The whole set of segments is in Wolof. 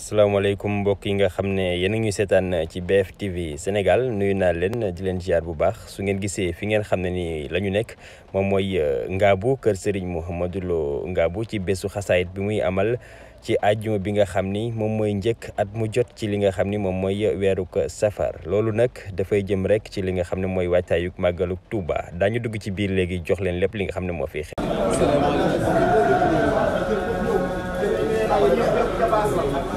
salaamaaleykum mbokk yi nga xamne yeen ngi sétane ci BFTV Sénégal nuyu na len di len ziar bu baax su ngeen gisee fi ngeen xamne ni lañu nek mom moy euh, ngabu keur Serigne Mouhamadou Lo ngabu ci besu xasaayit bi muy amal ci aljuma bi nga xamni mom moy mooy at mu jot ci li nga xamni mom moy mooy weeruk safar nak da dafay jëm rek ci li nga xamni moy waccayuk magaluk Touba dañu dugg ci biir léegi jox leen lepp li nga xamni mo fi xew salaamaaleykum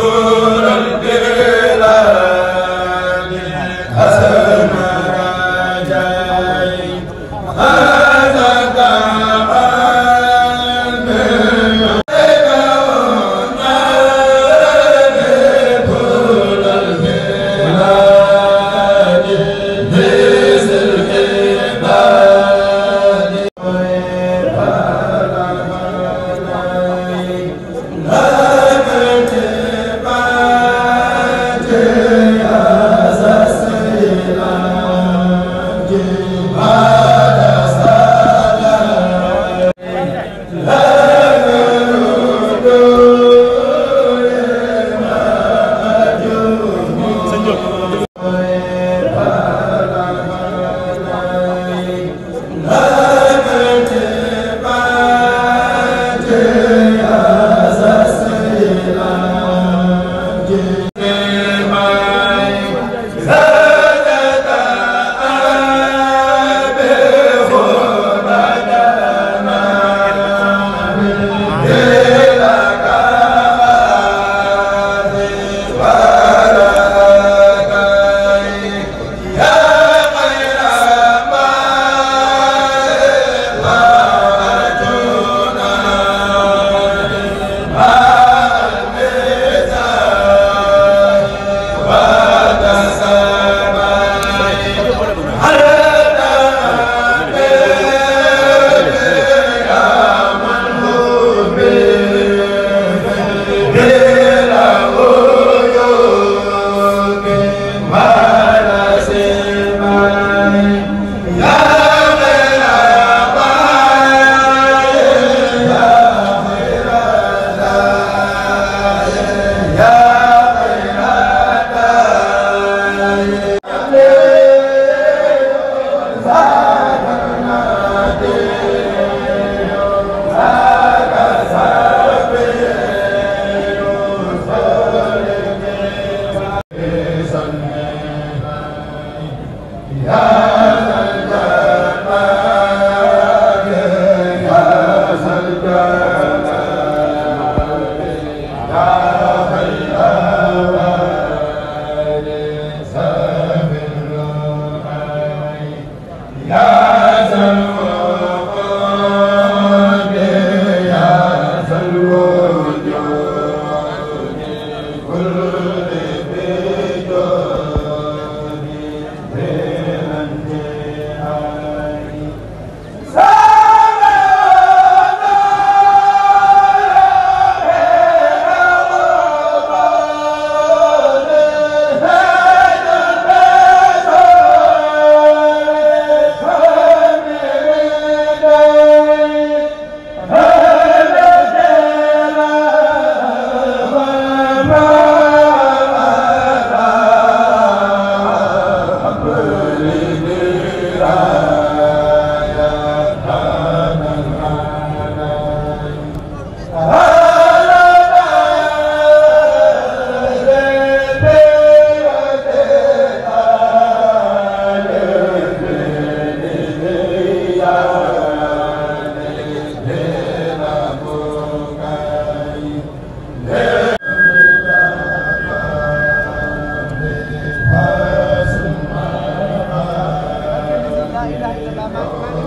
Lord. Amém.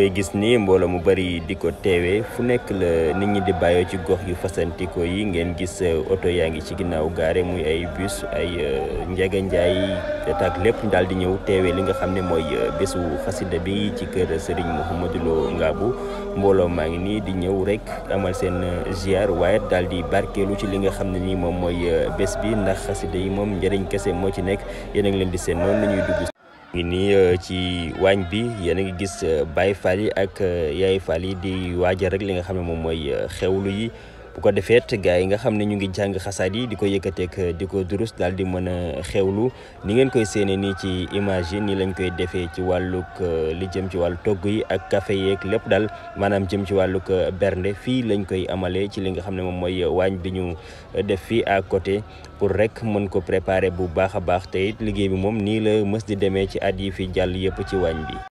koy gis ni mbooloo mu bari di ko teewee fu nekk la nit ñi di bàyyoo ci gox yu fasantikoo yi ngeen gis euh, oto yaa ngi ci ginnaaw gaare muy ay bus ay euh, njaganjaay ak lépp daal di ñëw teewee li nga xam ne mooy euh, bésu xasida bi ci kër Serigne Mouhamadou Lo Ngabou mbooloo maa ngi nii di ñëw rek amal seen ziar waaye daal di barkeelu ci li nga xam ne nii moom mooy bés bi ndax xasida yi moom njëriñ kese moo ci nekk yéen leen di seen noonu la ñuy ngi nii euh, ci waañ bi yéen a ngi gis euh, Baye Fall yi ak euh, Yaay Fall yi di waajal rek li nga xam ne moom mooy xewlu yi ko defeet gars yi nga xam ne ñu ngi jàng xasaat yi di ko yëkkateek di ko durus daal di mën a xewlu ni ngeen koy séenee nii ci image yi nii lañ koy defee ci wàllug euh, li jëm ci wàllu togg yi ak kafe yeeg lépp daal maanaam jëm ci wàllug euh, bernde fii lañ koy amalee ci li nga xam ne moom mooy waañ bi ñu euh, def fii à côté pour rek mën ko préparer bu baax a baax te it liggéey bi moom nii la mës di demee ci at yi fi jàll yëpp ci waañ bi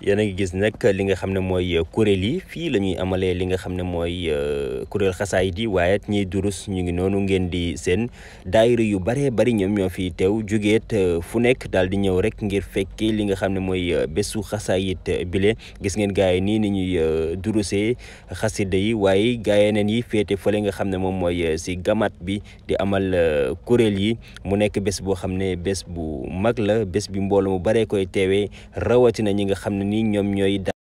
yéen a ngi gis nag li nga xam ne mooy euh, kuréel yi fii la ñuy amalee li nga xam ne mooy euh, kuréel xasaayit yi waaye it ñiy durus ñu ngi noonu ngeen di seen daayira yu baree bari ñoom ñoo fi teew jugeet euh, fu nekk daal di ñëw rek ngir fekki li nga xam ne mooy bésu xasaayit bile gis ngeen gaa yi nii ni ñuy durusee xasida yi waaye gaa yeneen yi féete fa fële nga xam ne moom mooy si gamat bi di amal kuréel yi mu nekk bés boo xam ne bés bu mag la bés bi mbooloo mu baree koy teewee rawatina ñi nga xam ne ninho minha ida